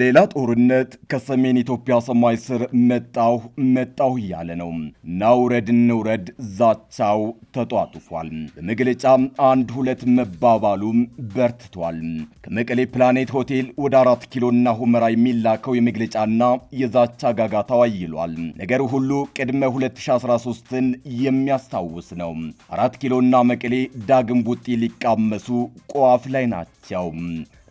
ሌላ ጦርነት ከሰሜን ኢትዮጵያ ሰማይ ስር መጣሁ መጣሁ እያለ ነው። ናውረድ ንውረድ ዛቻው ተጧጡፏል። በመግለጫ አንድ ሁለት መባባሉም በርትቷል። ከመቀሌ ፕላኔት ሆቴል ወደ አራት ኪሎና ሁመራ የሚላከው የመግለጫና የዛቻ ጋጋታው አይሏል። ነገሩ ሁሉ ቅድመ 2013ን የሚያስታውስ ነው። አራት ኪሎና መቀሌ ዳግም ቡጢ ሊቃመሱ ቋፍ ላይ ናቸው።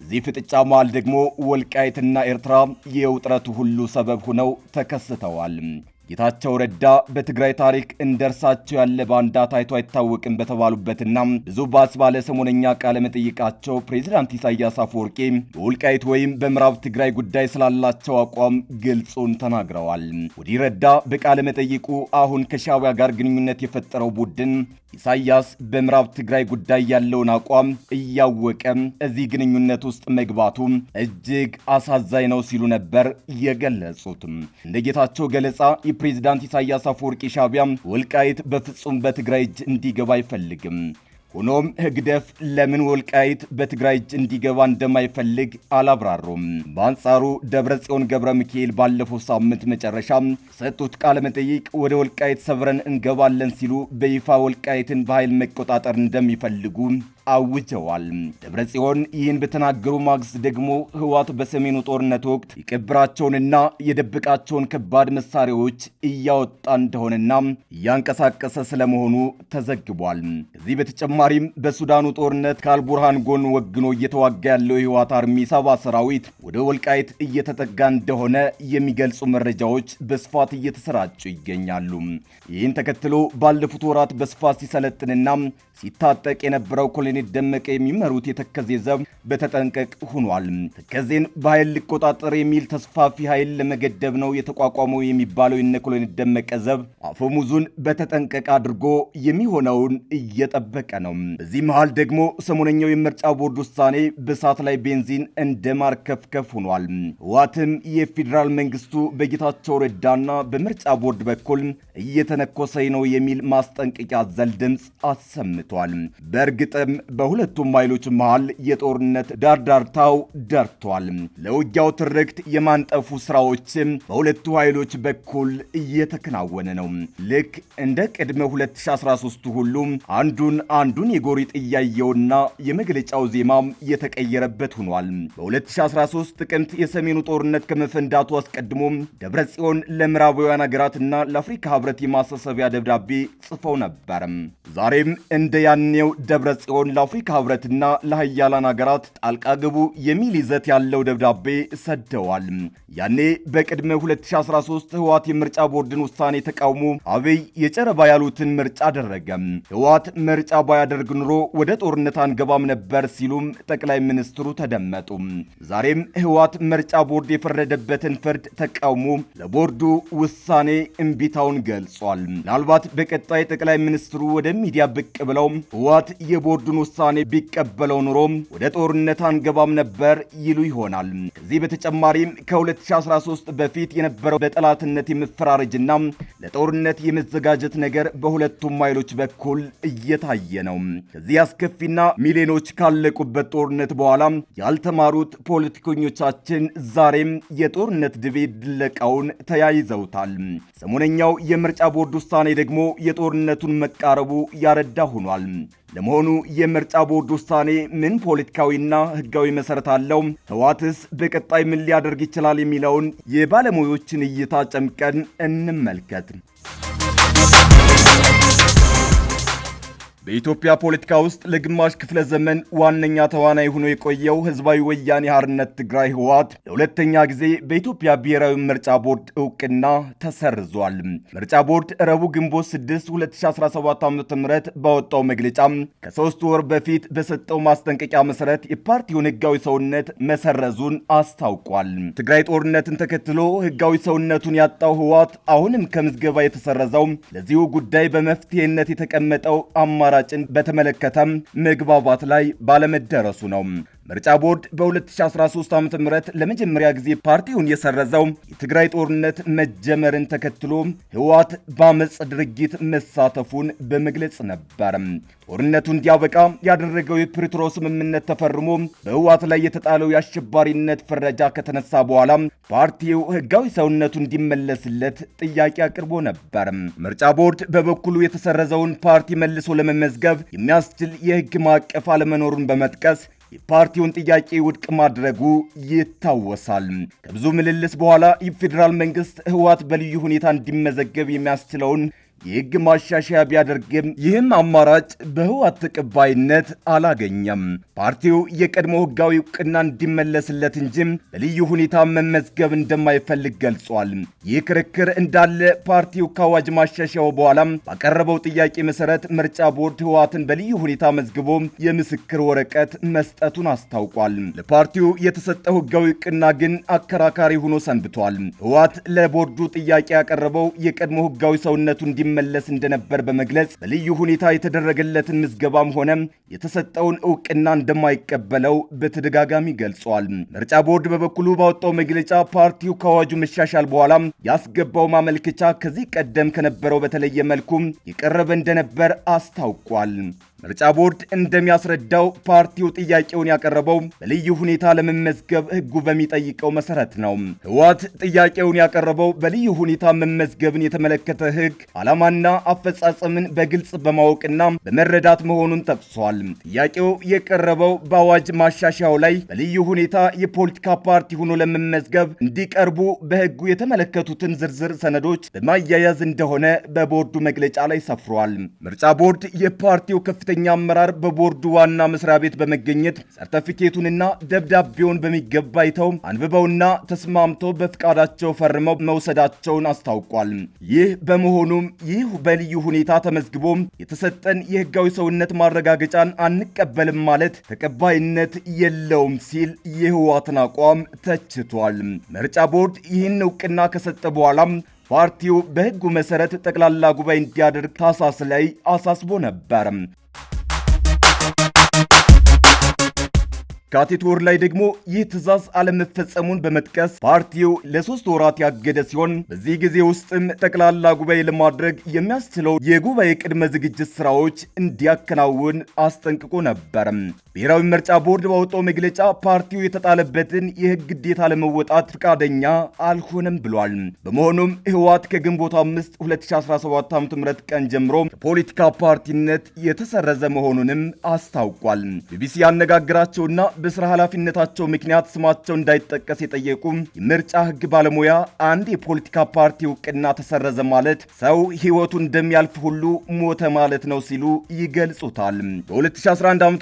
እዚህ ፍጥጫ መሃል ደግሞ ወልቃይትና ኤርትራ የውጥረቱ ሁሉ ሰበብ ሆነው ተከስተዋል። ጌታቸው ረዳ በትግራይ ታሪክ እንደርሳቸው ያለ ባንዳ ታይቶ አይታወቅም በተባሉበትና ብዙ ባስ ባለ ሰሞነኛ ቃለ መጠይቃቸው ፕሬዚዳንት ኢሳያስ አፈወርቂ በውልቃይት ወይም በምዕራብ ትግራይ ጉዳይ ስላላቸው አቋም ግልጹን ተናግረዋል። ወዲህ ረዳ በቃለ መጠይቁ አሁን ከሻዕቢያ ጋር ግንኙነት የፈጠረው ቡድን ኢሳያስ በምዕራብ ትግራይ ጉዳይ ያለውን አቋም እያወቀ እዚህ ግንኙነት ውስጥ መግባቱ እጅግ አሳዛኝ ነው ሲሉ ነበር የገለጹት። እንደ ጌታቸው ገለጻ ፕሬዝዳንት ኢሳያስ አፈወርቂ ሻቢያ ወልቃይት በፍጹም በትግራይ እጅ እንዲገባ አይፈልግም። ሆኖም ህግደፍ ለምን ወልቃይት በትግራይ እጅ እንዲገባ እንደማይፈልግ አላብራሩም። በአንጻሩ ደብረ ጽዮን ገብረ ሚካኤል ባለፈው ሳምንት መጨረሻ ሰጡት ቃለ መጠይቅ ወደ ወልቃይት ሰብረን እንገባለን ሲሉ በይፋ ወልቃይትን በኃይል መቆጣጠር እንደሚፈልጉ አውጀዋል። ደብረ ጽዮን ይህን በተናገሩ ማግስት ደግሞ ህዋት በሰሜኑ ጦርነት ወቅት የቀብራቸውንና የደብቃቸውን ከባድ መሳሪያዎች እያወጣ እንደሆነና እያንቀሳቀሰ ስለመሆኑ ተዘግቧል። ከዚህ በተጨማሪም በሱዳኑ ጦርነት ከአልቡርሃን ጎን ወግኖ እየተዋጋ ያለው የህዋት አርሚ ሰባ ሰራዊት ወደ ወልቃይት እየተጠጋ እንደሆነ የሚገልጹ መረጃዎች በስፋት እየተሰራጩ ይገኛሉ። ይህን ተከትሎ ባለፉት ወራት በስፋት ሲሰለጥንና ሲታጠቅ የነበረው ኮሎኔል በጀኔት ደመቀ የሚመሩት የተከዜ ዘብ በተጠንቀቅ ሆኗል። ተከዜን በኃይል ሊቆጣጠር የሚል ተስፋፊ ኃይል ለመገደብ ነው የተቋቋመው የሚባለው የነ ኮሎኔል ደመቀ ዘብ አፈሙዙን በተጠንቀቅ አድርጎ የሚሆነውን እየጠበቀ ነው። በዚህ መሃል ደግሞ ሰሞነኛው የምርጫ ቦርድ ውሳኔ በእሳት ላይ ቤንዚን እንደ ማርከፍከፍ ሆኗል። ህዋትም የፌዴራል መንግስቱ በጌታቸው ረዳና በምርጫ ቦርድ በኩል እየተነኮሰኝ ነው የሚል ማስጠንቀቂያ ዘል ድምፅ አሰምቷል። በእርግጥም በሁለቱም ኃይሎች መሃል የጦርነት ዳርዳርታው ደርቷል። ለውጊያው ትርክት የማንጠፉ ስራዎችም በሁለቱ ኃይሎች በኩል እየተከናወነ ነው። ልክ እንደ ቅድመ 2013 ሁሉ አንዱን አንዱን የጎሪጥ እያየውና የመግለጫው ዜማም የተቀየረበት ሆኗል። በ2013 ጥቅምት የሰሜኑ ጦርነት ከመፈንዳቱ አስቀድሞ ደብረ ጽዮን ለምዕራባውያን ሀገራትና ለአፍሪካ ህብረት የማሳሰቢያ ደብዳቤ ጽፈው ነበር። ዛሬም እንደ ያኔው ደብረ ጽዮን ለአፍሪካ ህብረትና ለሀያላን ሀገራት ጣልቃ ግቡ የሚል ይዘት ያለው ደብዳቤ ሰደዋል። ያኔ በቅድመ 2013 ህወሓት የምርጫ ቦርድን ውሳኔ ተቃውሞ አብይ የጨረባ ያሉትን ምርጫ አደረገ። ህወሓት ምርጫ ባያደርግ ኑሮ ወደ ጦርነት አንገባም ነበር ሲሉም ጠቅላይ ሚኒስትሩ ተደመጡ። ዛሬም ህወሓት ምርጫ ቦርድ የፈረደበትን ፍርድ ተቃውሞ ለቦርዱ ውሳኔ እምቢታውን ገልጿል። ምናልባት በቀጣይ ጠቅላይ ሚኒስትሩ ወደ ሚዲያ ብቅ ብለው ህወሓት የቦርዱን ውሳኔ ቢቀበለው ኑሮም ወደ ጦርነት አንገባም ነበር ይሉ ይሆናል። ከዚህ በተጨማሪም ከ2013 በፊት የነበረው በጠላትነት የመፈራረጅና ለጦርነት የመዘጋጀት ነገር በሁለቱም ኃይሎች በኩል እየታየ ነው። ከዚህ አስከፊና ሚሊዮኖች ካለቁበት ጦርነት በኋላ ያልተማሩት ፖለቲከኞቻችን ዛሬም የጦርነት ድቤ ድለቃውን ተያይዘውታል። ሰሞነኛው የምርጫ ቦርድ ውሳኔ ደግሞ የጦርነቱን መቃረቡ ያረዳ ሆኗል። ለመሆኑ የምርጫ ቦርድ ውሳኔ ምን ፖለቲካዊና ህጋዊ መሰረት አለው? ህዋትስ በቀጣይ ምን ሊያደርግ ይችላል? የሚለውን የባለሙያዎችን እይታ ጨምቀን እንመልከት። በኢትዮጵያ ፖለቲካ ውስጥ ለግማሽ ክፍለ ዘመን ዋነኛ ተዋናይ ሆኖ የቆየው ህዝባዊ ወያኔ ሓርነት ትግራይ ህወሓት ለሁለተኛ ጊዜ በኢትዮጵያ ብሔራዊ ምርጫ ቦርድ እውቅና ተሰርዟል። ምርጫ ቦርድ ረቡዕ ግንቦት 6 2017 ዓ.ም ባወጣው መግለጫ ከሶስት ወር በፊት በሰጠው ማስጠንቀቂያ መሰረት የፓርቲውን ህጋዊ ሰውነት መሰረዙን አስታውቋል። ትግራይ ጦርነትን ተከትሎ ህጋዊ ሰውነቱን ያጣው ህወሓት አሁንም ከምዝገባ የተሰረዘው ለዚሁ ጉዳይ በመፍትሄነት የተቀመጠው አማራ አማራጭን በተመለከተም መግባባት ላይ ባለመደረሱ ነው። ምርጫ ቦርድ በ2013 ዓ ም ለመጀመሪያ ጊዜ ፓርቲውን የሰረዘው የትግራይ ጦርነት መጀመርን ተከትሎ ህወሓት በአመፅ ድርጊት መሳተፉን በመግለጽ ነበር። ጦርነቱ እንዲያበቃ ያደረገው የፕሪቶሪያው ስምምነት ተፈርሞ በህወሓት ላይ የተጣለው የአሸባሪነት ፍረጃ ከተነሳ በኋላ ፓርቲው ህጋዊ ሰውነቱ እንዲመለስለት ጥያቄ አቅርቦ ነበር። ምርጫ ቦርድ በበኩሉ የተሰረዘውን ፓርቲ መልሶ ለመመዝገብ የሚያስችል የህግ ማዕቀፍ አለመኖሩን በመጥቀስ የፓርቲውን ጥያቄ ውድቅ ማድረጉ ይታወሳል። ከብዙ ምልልስ በኋላ የፌዴራል መንግስት ህወሓት በልዩ ሁኔታ እንዲመዘገብ የሚያስችለውን የህግ ማሻሻያ ቢያደርግም ይህም አማራጭ በህወሓት ተቀባይነት አላገኘም። ፓርቲው የቀድሞ ህጋዊ እውቅና እንዲመለስለት እንጂም በልዩ ሁኔታ መመዝገብ እንደማይፈልግ ገልጿል። ይህ ክርክር እንዳለ ፓርቲው ከአዋጅ ማሻሻያው በኋላም ባቀረበው ጥያቄ መሰረት ምርጫ ቦርድ ህወሓትን በልዩ ሁኔታ መዝግቦ የምስክር ወረቀት መስጠቱን አስታውቋል። ለፓርቲው የተሰጠው ህጋዊ እውቅና ግን አከራካሪ ሆኖ ሰንብቷል። ህወሓት ለቦርዱ ጥያቄ ያቀረበው የቀድሞ ህጋዊ ሰውነቱ እንዲ ይመለስ እንደነበር በመግለጽ በልዩ ሁኔታ የተደረገለትን ምዝገባም ሆነ የተሰጠውን እውቅና እንደማይቀበለው በተደጋጋሚ ገልጿል። ምርጫ ቦርድ በበኩሉ ባወጣው መግለጫ ፓርቲው ከአዋጁ መሻሻል በኋላ ያስገባው ማመልከቻ ከዚህ ቀደም ከነበረው በተለየ መልኩ የቀረበ እንደነበር አስታውቋል። ምርጫ ቦርድ እንደሚያስረዳው ፓርቲው ጥያቄውን ያቀረበው በልዩ ሁኔታ ለመመዝገብ ሕጉ በሚጠይቀው መሰረት ነው። ህወሓት ጥያቄውን ያቀረበው በልዩ ሁኔታ መመዝገብን የተመለከተ ሕግ ዓላማና አፈጻጸምን በግልጽ በማወቅና በመረዳት መሆኑን ጠቅሷል። ጥያቄው የቀረበው በአዋጅ ማሻሻያው ላይ በልዩ ሁኔታ የፖለቲካ ፓርቲ ሆኖ ለመመዝገብ እንዲቀርቡ በሕጉ የተመለከቱትን ዝርዝር ሰነዶች በማያያዝ እንደሆነ በቦርዱ መግለጫ ላይ ሰፍሯል። ምርጫ ቦርድ የፓርቲው ከፍተኛ ከፍተኛ አመራር በቦርዱ ዋና መስሪያ ቤት በመገኘት ሰርተፊኬቱንና ደብዳቤውን በሚገባ አይተው አንብበውና ተስማምተው በፍቃዳቸው ፈርመው መውሰዳቸውን አስታውቋል። ይህ በመሆኑም ይህ በልዩ ሁኔታ ተመዝግቦ የተሰጠን የህጋዊ ሰውነት ማረጋገጫን አንቀበልም ማለት ተቀባይነት የለውም ሲል የህወሓትን አቋም ተችቷል። ምርጫ ቦርድ ይህን እውቅና ከሰጠ በኋላም ፓርቲው በህጉ መሰረት ጠቅላላ ጉባኤ እንዲያደርግ ታሳስ ላይ አሳስቦ ነበር። Thank you. የካቲት ወር ላይ ደግሞ ይህ ትዕዛዝ አለመፈጸሙን በመጥቀስ ፓርቲው ለሶስት ወራት ያገደ ሲሆን በዚህ ጊዜ ውስጥም ጠቅላላ ጉባኤ ለማድረግ የሚያስችለው የጉባኤ ቅድመ ዝግጅት ስራዎች እንዲያከናውን አስጠንቅቆ ነበር። ብሔራዊ ምርጫ ቦርድ ባወጣው መግለጫ ፓርቲው የተጣለበትን የህግ ግዴታ ለመወጣት ፈቃደኛ አልሆነም ብሏል። በመሆኑም ህወሓት ከግንቦት 5 2017 ዓ.ም ቀን ጀምሮ ከፖለቲካ ፓርቲነት የተሰረዘ መሆኑንም አስታውቋል። ቢቢሲ ያነጋግራቸውና በስራ ኃላፊነታቸው ምክንያት ስማቸው እንዳይጠቀስ የጠየቁ የምርጫ ህግ ባለሙያ አንድ የፖለቲካ ፓርቲ እውቅና ተሰረዘ ማለት ሰው ህይወቱን እንደሚያልፍ ሁሉ ሞተ ማለት ነው ሲሉ ይገልጹታል። በ2011 ዓ ም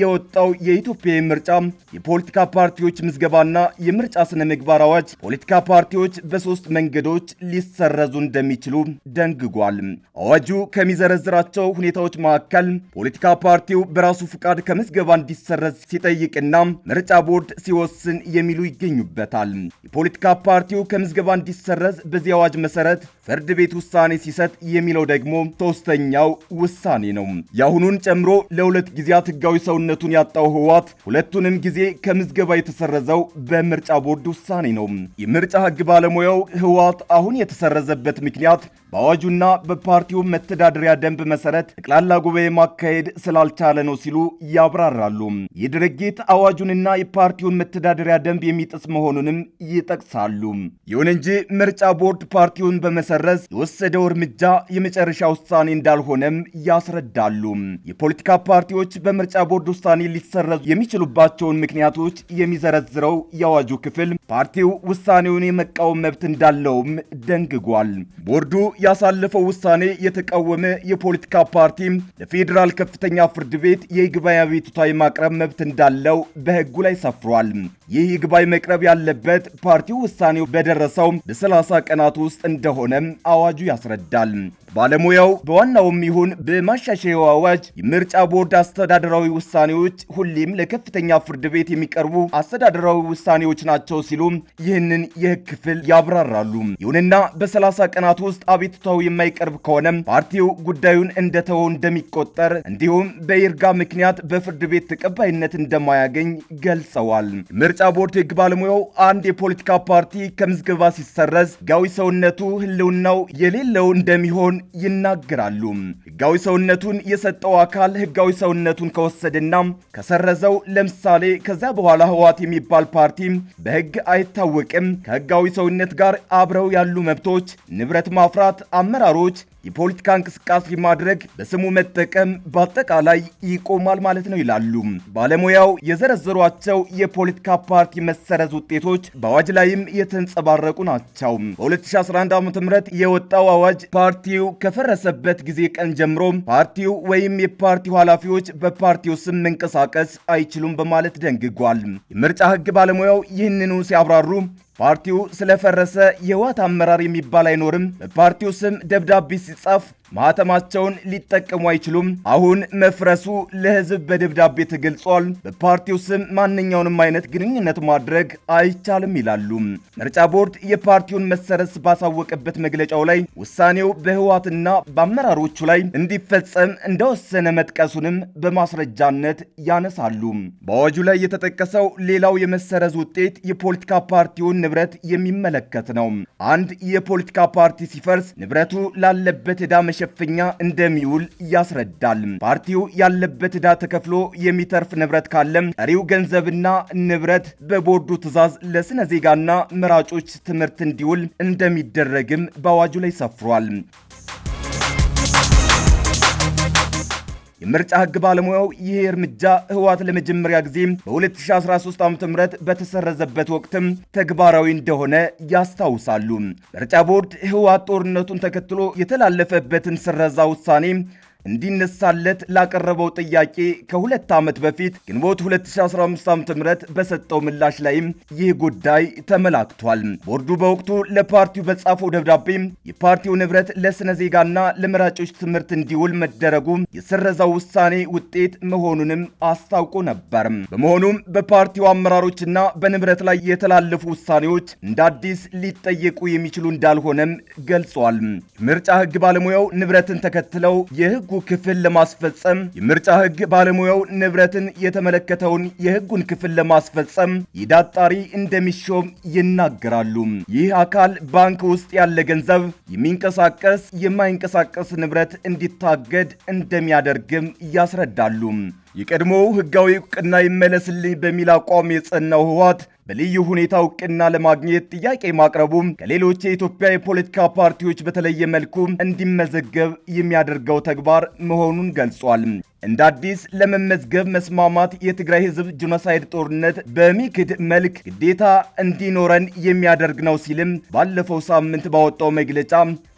የወጣው የኢትዮጵያ ምርጫ የፖለቲካ ፓርቲዎች ምዝገባና የምርጫ ስነ ምግባር አዋጅ ፖለቲካ ፓርቲዎች በሶስት መንገዶች ሊሰረዙ እንደሚችሉ ደንግጓል። አዋጁ ከሚዘረዝራቸው ሁኔታዎች መካከል ፖለቲካ ፓርቲው በራሱ ፍቃድ ከምዝገባ እንዲሰረዝ ሲጠይቅ እንዲጠይቅና ምርጫ ቦርድ ሲወስን የሚሉ ይገኙበታል። የፖለቲካ ፓርቲው ከምዝገባ እንዲሰረዝ በዚህ አዋጅ መሰረት ፍርድ ቤት ውሳኔ ሲሰጥ የሚለው ደግሞ ሶስተኛው ውሳኔ ነው። የአሁኑን ጨምሮ ለሁለት ጊዜያት ህጋዊ ሰውነቱን ያጣው ህወሓት ሁለቱንም ጊዜ ከምዝገባ የተሰረዘው በምርጫ ቦርድ ውሳኔ ነው። የምርጫ ህግ ባለሙያው ህወሓት አሁን የተሰረዘበት ምክንያት በአዋጁና በፓርቲው መተዳደሪያ ደንብ መሰረት ጠቅላላ ጉባኤ ማካሄድ ስላልቻለ ነው ሲሉ ያብራራሉ። ይህ ድርጊት አዋጁንና የፓርቲውን መተዳደሪያ ደንብ የሚጥስ መሆኑንም ይጠቅሳሉ። ይሁን እንጂ ምርጫ ቦርድ ፓርቲውን በመሰረዝ የወሰደው እርምጃ የመጨረሻ ውሳኔ እንዳልሆነም ያስረዳሉ። የፖለቲካ ፓርቲዎች በምርጫ ቦርድ ውሳኔ ሊሰረዙ የሚችሉባቸውን ምክንያቶች የሚዘረዝረው የአዋጁ ክፍል ፓርቲው ውሳኔውን የመቃወም መብት እንዳለውም ደንግጓል። ቦርዱ ያሳለፈው ውሳኔ የተቃወመ የፖለቲካ ፓርቲ ለፌዴራል ከፍተኛ ፍርድ ቤት የይግባኝ አቤቱታ የማቅረብ መብት እንዳለው በህጉ ላይ ሰፍሯል። ይህ ይግባኝ መቅረብ ያለበት ፓርቲው ውሳኔው በደረሰው በ30 ቀናት ውስጥ እንደሆነም አዋጁ ያስረዳል። ባለሙያው በዋናውም ይሁን በማሻሻያው አዋጅ የምርጫ ቦርድ አስተዳደራዊ ውሳኔዎች ሁሌም ለከፍተኛ ፍርድ ቤት የሚቀርቡ አስተዳደራዊ ውሳኔዎች ናቸው ሲሉ ይህንን የህግ ክፍል ያብራራሉ። ይሁንና በ30 ቀናት ውስጥ አቤት አቤቱታው የማይቀርብ ከሆነም ፓርቲው ጉዳዩን እንደተወው እንደሚቆጠር እንዲሁም በይርጋ ምክንያት በፍርድ ቤት ተቀባይነት እንደማያገኝ ገልጸዋል። ምርጫ ቦርድ የህግ ባለሙያው አንድ የፖለቲካ ፓርቲ ከምዝገባ ሲሰረዝ ህጋዊ ሰውነቱ ህልውናው የሌለው እንደሚሆን ይናገራሉ። ህጋዊ ሰውነቱን የሰጠው አካል ህጋዊ ሰውነቱን ከወሰደና ከሰረዘው ለምሳሌ ከዚያ በኋላ ህዋት የሚባል ፓርቲ በህግ አይታወቅም። ከህጋዊ ሰውነት ጋር አብረው ያሉ መብቶች፣ ንብረት ማፍራት፣ አመራሮች የፖለቲካ እንቅስቃሴ ማድረግ በስሙ መጠቀም በአጠቃላይ ይቆማል ማለት ነው ይላሉ ባለሙያው። የዘረዘሯቸው የፖለቲካ ፓርቲ መሰረዝ ውጤቶች በአዋጅ ላይም የተንጸባረቁ ናቸው። በ2011 ዓ የወጣው አዋጅ ፓርቲው ከፈረሰበት ጊዜ ቀን ጀምሮ ፓርቲው ወይም የፓርቲው ኃላፊዎች በፓርቲው ስም መንቀሳቀስ አይችሉም በማለት ደንግጓል። የምርጫ ህግ ባለሙያው ይህንኑ ሲያብራሩ ፓርቲው ስለፈረሰ የህወሓት አመራር የሚባል አይኖርም። በፓርቲው ስም ደብዳቤ ሲጻፍ ማህተማቸውን ሊጠቀሙ አይችሉም። አሁን መፍረሱ ለህዝብ በደብዳቤ ተገልጿል። በፓርቲው ስም ማንኛውንም አይነት ግንኙነት ማድረግ አይቻልም ይላሉ። ምርጫ ቦርድ የፓርቲውን መሰረስ ባሳወቀበት መግለጫው ላይ ውሳኔው በህወሓትና በአመራሮቹ ላይ እንዲፈጸም እንደወሰነ መጥቀሱንም በማስረጃነት ያነሳሉ። በአዋጁ ላይ የተጠቀሰው ሌላው የመሰረዝ ውጤት የፖለቲካ ፓርቲውን ንብረት የሚመለከት ነው። አንድ የፖለቲካ ፓርቲ ሲፈርስ ንብረቱ ላለበት ዕዳ መሸፈኛ እንደሚውል ያስረዳል። ፓርቲው ያለበት ዕዳ ተከፍሎ የሚተርፍ ንብረት ካለም ቀሪው ገንዘብና ንብረት በቦርዱ ትዕዛዝ ለስነ ዜጋና መራጮች ትምህርት እንዲውል እንደሚደረግም በአዋጁ ላይ ሰፍሯል። የምርጫ ህግ ባለሙያው ይህ እርምጃ ህወሓት ለመጀመሪያ ጊዜ በ2013 ዓ.ም በተሰረዘበት ወቅትም ተግባራዊ እንደሆነ ያስታውሳሉ። ምርጫ ቦርድ ህወሓት ጦርነቱን ተከትሎ የተላለፈበትን ስረዛ ውሳኔ እንዲነሳለት ላቀረበው ጥያቄ ከሁለት ዓመት በፊት ግንቦት 2015 ዓ.ም በሰጠው ምላሽ ላይም ይህ ጉዳይ ተመላክቷል። ቦርዱ በወቅቱ ለፓርቲው በጻፈው ደብዳቤ የፓርቲው ንብረት ለስነ ዜጋና ለመራጮች ትምህርት እንዲውል መደረጉ የሰረዛው ውሳኔ ውጤት መሆኑንም አስታውቆ ነበር። በመሆኑም በፓርቲው አመራሮችና በንብረት ላይ የተላለፉ ውሳኔዎች እንደ አዲስ ሊጠየቁ የሚችሉ እንዳልሆነም ገልጿል። ምርጫ ህግ ባለሙያው ንብረትን ተከትለው የሕግ የህጉ ክፍል ለማስፈጸም የምርጫ ህግ ባለሙያው ንብረትን የተመለከተውን የህጉን ክፍል ለማስፈጸም ይዳጣሪ እንደሚሾም ይናገራሉ። ይህ አካል ባንክ ውስጥ ያለ ገንዘብ የሚንቀሳቀስ የማይንቀሳቀስ ንብረት እንዲታገድ እንደሚያደርግም ያስረዳሉ። የቀድሞው ህጋዊ እውቅና ይመለስልኝ በሚል አቋም የጸናው ህወሓት በልዩ ሁኔታ እውቅና ለማግኘት ጥያቄ ማቅረቡ ከሌሎች የኢትዮጵያ የፖለቲካ ፓርቲዎች በተለየ መልኩ እንዲመዘገብ የሚያደርገው ተግባር መሆኑን ገልጿል። እንደ አዲስ ለመመዝገብ መስማማት የትግራይ ህዝብ ጄኖሳይድ ጦርነት በሚክድ መልክ ግዴታ እንዲኖረን የሚያደርግ ነው ሲልም ባለፈው ሳምንት ባወጣው መግለጫ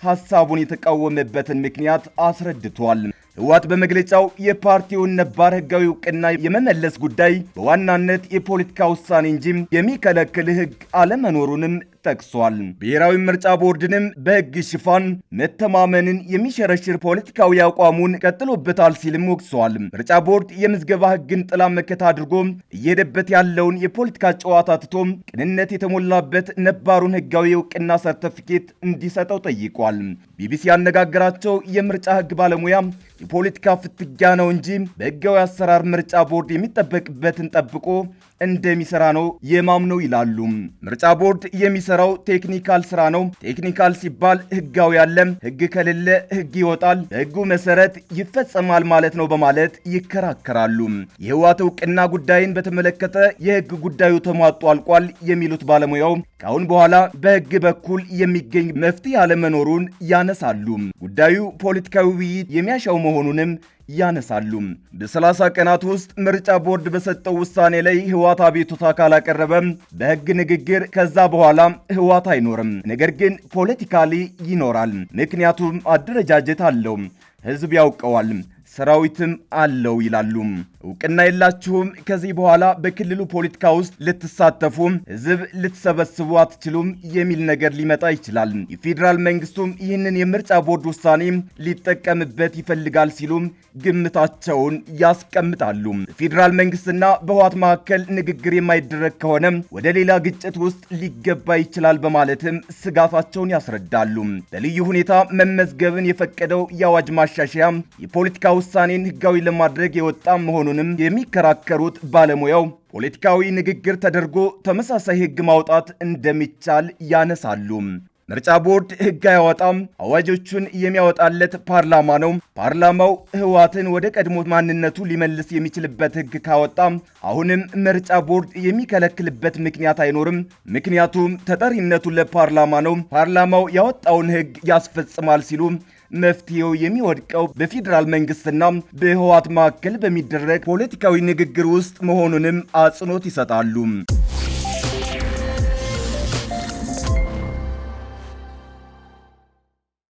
ሐሳቡን የተቃወመበትን ምክንያት አስረድቷል። ህወሓት በመግለጫው የፓርቲውን ነባር ህጋዊ እውቅና የመመለስ ጉዳይ በዋናነት የፖለቲካ ውሳኔ እንጂ የሚከለክል ህግ አለመኖሩንም ጠቅሷል። ብሔራዊ ምርጫ ቦርድንም በሕግ ሽፋን መተማመንን የሚሸረሽር ፖለቲካዊ አቋሙን ቀጥሎበታል ሲልም ወቅሷል። ምርጫ ቦርድ የምዝገባ ሕግን ጥላ መከታ አድርጎ እየሄደበት ያለውን የፖለቲካ ጨዋታ ትቶ ቅንነት የተሞላበት ነባሩን ሕጋዊ እውቅና ሰርተፊኬት እንዲሰጠው ጠይቋል። ቢቢሲ ያነጋገራቸው የምርጫ ሕግ ባለሙያ የፖለቲካ ፍትጊያ ነው እንጂ በህጋዊ አሰራር ምርጫ ቦርድ የሚጠበቅበትን ጠብቆ እንደሚሰራ ነው የማምነው ይላሉ። ምርጫ ቦርድ የሚሰራው ቴክኒካል ስራ ነው። ቴክኒካል ሲባል ህጋዊ ያለም ህግ ከሌለ ህግ ይወጣል፣ በህጉ መሰረት ይፈጸማል ማለት ነው በማለት ይከራከራሉ። የህዋት እውቅና ጉዳይን በተመለከተ የህግ ጉዳዩ ተሟጦ አልቋል የሚሉት ባለሙያው ከአሁን በኋላ በህግ በኩል የሚገኝ መፍትሄ አለመኖሩን ያነሳሉ። ጉዳዩ ፖለቲካዊ ውይይት የሚያሻው መሆኑንም ያነሳሉ። በ30 ቀናት ውስጥ ምርጫ ቦርድ በሰጠው ውሳኔ ላይ ህዋት አቤቱታ ካላቀረበም በህግ ንግግር ከዛ በኋላ ህዋት አይኖርም። ነገር ግን ፖለቲካሊ ይኖራል። ምክንያቱም አደረጃጀት አለው፣ ህዝብ ያውቀዋል፣ ሰራዊትም አለው ይላሉ። እውቅና የላችሁም። ከዚህ በኋላ በክልሉ ፖለቲካ ውስጥ ልትሳተፉ፣ ህዝብ ልትሰበስቡ አትችሉም የሚል ነገር ሊመጣ ይችላል። የፌዴራል መንግስቱም ይህንን የምርጫ ቦርድ ውሳኔ ሊጠቀምበት ይፈልጋል ሲሉም ግምታቸውን ያስቀምጣሉ። በፌዴራል መንግስትና በህዋት መካከል ንግግር የማይደረግ ከሆነ ወደ ሌላ ግጭት ውስጥ ሊገባ ይችላል በማለትም ስጋታቸውን ያስረዳሉ። በልዩ ሁኔታ መመዝገብን የፈቀደው የአዋጅ ማሻሻያ የፖለቲካ ውሳኔን ህጋዊ ለማድረግ የወጣ መሆኑን መሆኑንም የሚከራከሩት ባለሙያው ፖለቲካዊ ንግግር ተደርጎ ተመሳሳይ ህግ ማውጣት እንደሚቻል ያነሳሉ። ምርጫ ቦርድ ህግ አያወጣም፣ አዋጆቹን የሚያወጣለት ፓርላማ ነው። ፓርላማው ህዋትን ወደ ቀድሞ ማንነቱ ሊመልስ የሚችልበት ህግ ካወጣ አሁንም ምርጫ ቦርድ የሚከለክልበት ምክንያት አይኖርም፣ ምክንያቱም ተጠሪነቱ ለፓርላማ ነው። ፓርላማው ያወጣውን ህግ ያስፈጽማል ሲሉ መፍትሄው የሚወድቀው በፌዴራል መንግስትና በህወሓት መካከል በሚደረግ ፖለቲካዊ ንግግር ውስጥ መሆኑንም አጽንኦት ይሰጣሉ።